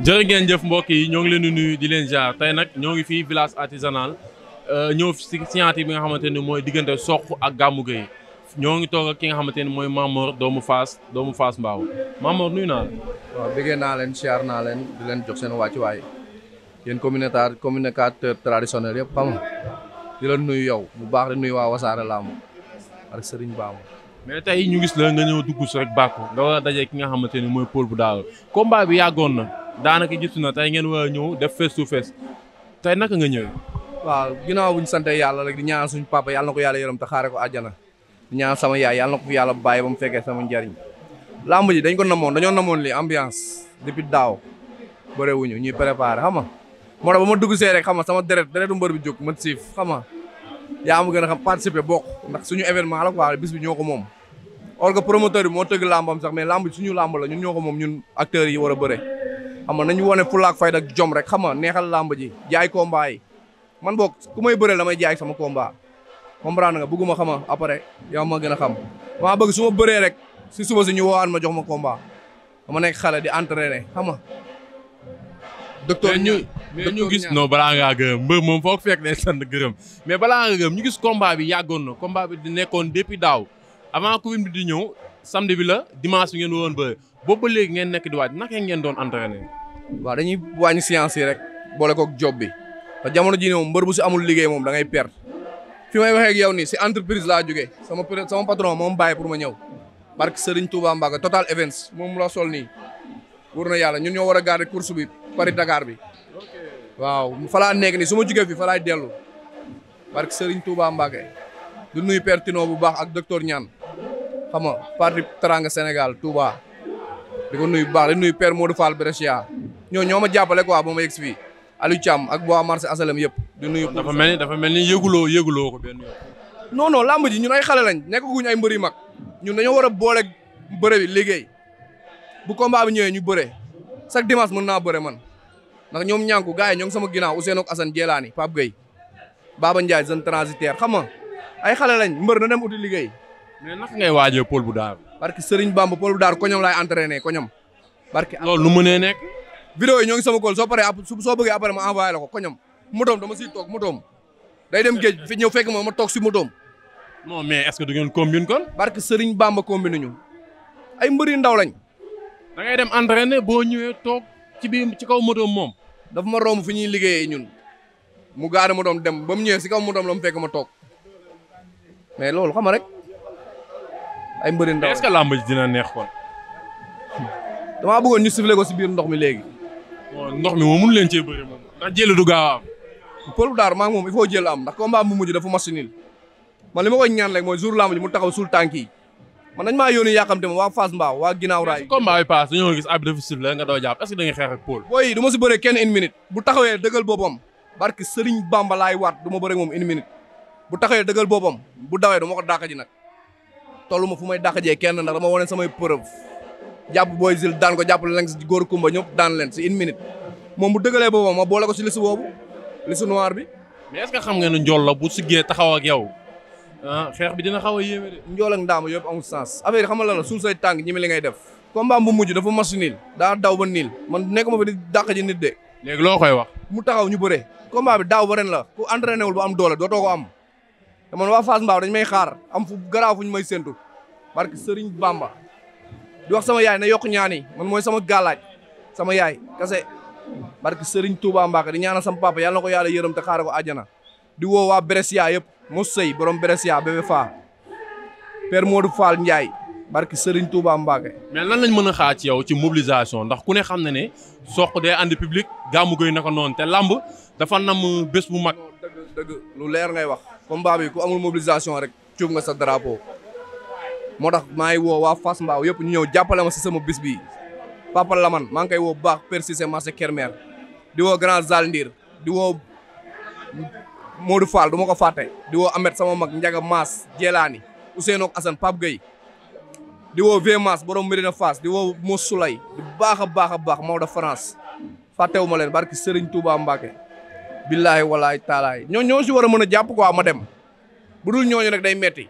jërë ngeen jëf mbokk yi ñoo ngi leen di nuyu di leen jaar tey nag ñoo ngi fii village artisanal euh, ñëw si scientifique bi nga xamante ni mooy diggante soq ak gàmmu gay ñoo ngi toog ki nga xamante ni mooy Mamor doomu Faas doomu Faas Mbaaw Mamor nuyu naa la. waaw naa leen siyaar naa leen di leen jox seen wàccuwaay yéen communautaire communicateur traditionnel yëpp xam di la nuyu yow bu baax di nuyu waa Wasaare Lamb ak Serigne Bamba. mais tey ñu gis la nga ñëw dugg si rek bàkku nga daje ki nga xamante ni mooy Paul bu daal combat bi yàggoon na. daanaka jub si na tey ngeen war a ñëw def face to face tey naka nga ñëw. waaw ginnaaw bu ñu sante yàlla rek di ñaan suñu papa yàlla na ko yàlla yërëm te xaare ko àjjana di ñaan sama yaay yàlla na ko yàlla bàyyi ba mu fekkee sama njariñ lamb ji dañ ko namoon dañoo namoon li ambiance depuis daaw bëre wuñu ñuy préparé xam nga moo tax ba ma dugg see rek xam nga sama deret deretu mbër bi jóg ma siif xam nga yaa ma gën a xam participer bok ndax suñu événement la quoi bis bi ko moom or que promoteur moo tëgg lambam sax mais lamb suñu lamb la ñun ñoo ko moom ñun acteurs yi war a bëre xam nga nañu wone fulaak fayda ak jom rek xam nga neexal làmb ji jaay combat yi man boog ku may bëreel damay jaay sama combat comprendre nga bëgguma xam nga après yow ma gën a xam maa bëgg su ma bëree rek si suba si ñu woowaat ma jox ma combat ma nekk xale di entraîner xam nga docteur ñu mais ñu gis non balaa ngaa gërëm mbër moom foog fekk ne sant gërëm mais balaa nga gërëm ñu gis combat bi yàggoon na combat bi di nekkoon depuis daaw avant Covid bi di ñëw samedi bi la dimanche bi ngeen woon ba boobu ba léegi ngeen nekk di waaj naka ngeen doon entraîner. waaw dañuy wàññi séance yi rek boole kook job bi te jamono ji moom mbër bu si amul liggéey moom da ngay perte fi ma waxee ak yow nii si entreprise laa jógee sama sama patron moom bàyyi pour ma ñëw barke Serigne Touba Mbaga Total Events moom la sol nii wóor na yàlla ñun ñoo war a garder course bi Paris Dakar bi waaw falaa laa nekk nii su ma jógee fi fa laay dellu barke Serigne Touba Mbaga du nuyu Père Tino bu baax ak docteur Niane xam nga parti Teranga Sénégal Touba di ko nuyu baax di nuyu Père Modou Fall Brescia ñoo ñoo ma jàppale quoi ba ma yegg si fii Aliou Thiam ak waa yëpp di nuyu dafa mel ni dafa mel ni yëguloo yëguloo ko benn yoon non non làmb ji ñun ay xale lañ nekkaguñ ay mbëri mag ñun dañoo war a boole bëre liggéey bu combat bi ñëwee ñu bëre chaque dimanche mën naa bëre man ndax ñoom ñanku gars yi ñoo ngi sama ginnaaw Ousseynou asan Assane Djelaani Pape Gueye Baba Ndiaye jeune transitaire xam nga ay xale lañ mbër na dem uti liggéey mais naka ngay waajee Paul bu daar parce que Serigne Bamba Paul bu daar koñom laay entraîné koñom parce que loolu nu vidéo yi ñoo ngi sama kool soo paree soo bëggee après ma envoyé la ko koñam motoom dama siy toog motoom day dem géej fi ñëw fekk ma ma toog si motoom. non mais est-ce que du ngeen combine kon. barke Sëriñ Bamba combine ñu ay mbëri ndaw lañ. da ngay dem boo ñëwee toog ci biir ci kaw motoom moom. dafa ma romb fi ñuy liggéeyee ñun mu gaari motoom dem ba mu ñëwee si kaw motoom la mu fekk ma toog mais loolu xam rek ay mbëri ndaw. est-ce que làmb neex kon. damaa bëggoon ñu siffler ko si biir ndox mi léegi. ndox mi moom mënu leen cee bëri moom ndax jël du gaaw a am. Peulh Dar maa ngi moom il faut am ndax combat bu mujj dafa masinil man li ma koy ñaan rek mooy jour lamb mu taxaw suul tànk yi man dañ maa yónni yàkkamte ma waa Fass Mbao waa ginnaaw raay. combat bi paas dañoo gis arbitre dafa sifflé nga doo jàpp est-ce que da nga xeex ak Peulh. booy du ma si bëree kenn une minute bu taxawee dëggal boppam barki bu dawee du ma ko dàq ji nag tollu ma fu may dàq jee kenn ndax dama wone samay preuve jàpp booy Jules daan ko jàppale leen si góor Kumba ñëpp daan leen si une minute moom bu dëgalee boobu ma boole ko si liste boobu liste noir bi. mais est xam nga ne njool la bu siggee taxaw ak yow ah xeex bi dina xaw a yéeme de. njool ak ndaama yëpp amul sens affaire yi xam nga lan la suul say tànk ñi mi li ngay def. combat bu mujj dafa match nil daa daw ba niil man nekkuma fi di dàq nit de. léegi loo koy wax. mu taxaw ñu bëre. combat bi daaw ba ren la ku entraîné wul am doole dootoo am te man waa Fass dañ may xaar am fu garaaw fu ñu may séntu barke Serigne Bamba. di wax sama yaay na yokk ñaan yi man mooy sama gàllaaj sama yaay kase barke Serigne Touba Mbacke di ñaanal sama papa yàlla na ko yàlla yërëm te xaare ko àjjana di woo waa Brescia yëpp mos sëy borom Brescia bébé Fa Père Modou Fall Ndiaye barke Serigne Touba Mbacke. mais lan lañ mën a xaar ci yow ci mobilisation ndax ku ne xam na ne soq day ànd public gàmmu goy naka noonu te lamb dafa nam bés mu mag. dëgg dëgg lu leer ngay wax combat bi ku amul mobilisation rek cuub nga sa drapeau. moo tax maa ngi woo waa Fass Mbao yëpp ñu ñëw jàppale ma si sama bis bi la man maa ngi koy woo bu baax persisé marché Kermer di woo Grand Zal di woo Modou Fall du ma ko fàtte di woo Ahmed sama mag Ndiaga Maas Jelaani Ousseynou ak Assane Pape Gueye di woo Vieux Maas borom Medina Fass di woo Moussa Soulay di baax a baax a baax Maodo farans fàttewu ma leen barki Serigne Touba Mbacke billahi walaay taalaay ñoo ñoo si war a mën a jàpp quoi ma dem bu dul ñooñu rek day metti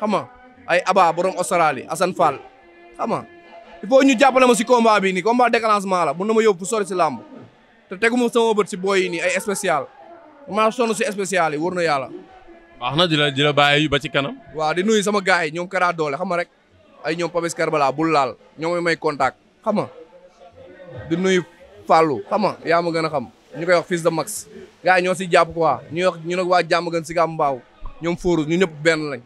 xam ay Aba borom Australie Assane Fall xam nga il faut ñu jàppale ma si combat bi nii combat déclenchement la mun na ma yóbbu fu sori si làmb te tegu ma sama bët si booy yi nii ay spécial maa sonn si spécial yi wër na yàlla. baax na di la di la bàyyi ba ci kanam. waaw di nuyu sama gars yi ñoom Kara Doole xam nga rek ay ñoom Papis Karbala bul laal ñoom may contact xam nga di nuyu Fallou xam yaa ma gën a xam ñu koy wax fils de Max gars yi ñoo si jàpp quoi ñu wax ñu nag waa jàmm gën si mbaaw ñoom Fóoru ñu benn lañ.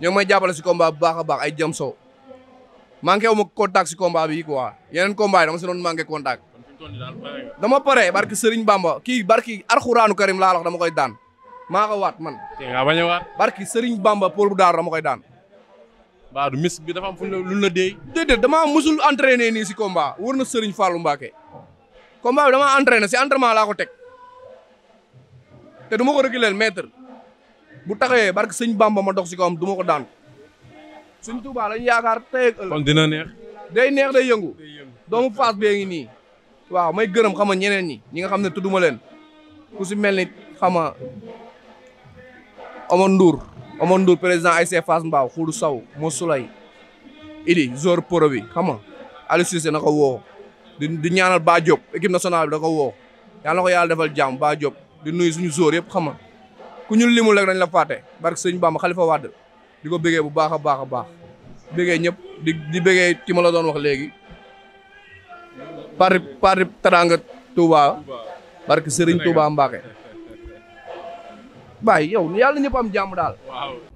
ñoom may jàppale si combat bu baax a baax ay jëm soo manqué wu ma contact si combat bi quoi yeneen combat yi dama si doon manqué contact. dama pare barki Serigne Bamba kii barki Alxuraanu Karim laa dama koy daan maa ko waat man. tey ngaa bañ barki Serigne Bamba pour bu daaru dama koy daan. waaw mis bi dafa am fu ñu la dee. déedéet damaa musul entraîné nii si combat wër na Serigne Fallou Mbacké. combat bi damaa entraîné si entraînement laa ko teg te du ma ko reculer maître. bu taxawee barke sëñ Bamba ma dox si kawam du ko daan suñ Touba lañ yaakaar tey ak ëllëg dina neex. day neex day yëngu. doomu faas bee ngi nii. waaw may gërëm xam nga ñeneen ñi ñi nga xam ne tudduma leen ku si mel ni xama nga Omar Ndour Omar Ndour président ay see Fass Mbao Khoulou saw Mo Soulay Idi Zor Poro bi xam nga Aliou na ko woo di di ñaanal Ba Diop équipe nationale bi da ko woo yàlla na ko yàlla defal jàmm Ba Diop di nuy suñu Zor yëpp xam nga ku ñu limu rek dañ la fàtte barke sëñ Bamba Xalifa Wade di ko bëggee bu baax a baax a baax bëggee ñëpp di di bëggee ki ma la doon wax léegi pari parti Teranga Touba barke Serigne Touba Mbacké baay yow yàlla ñëpp am jàmm daal.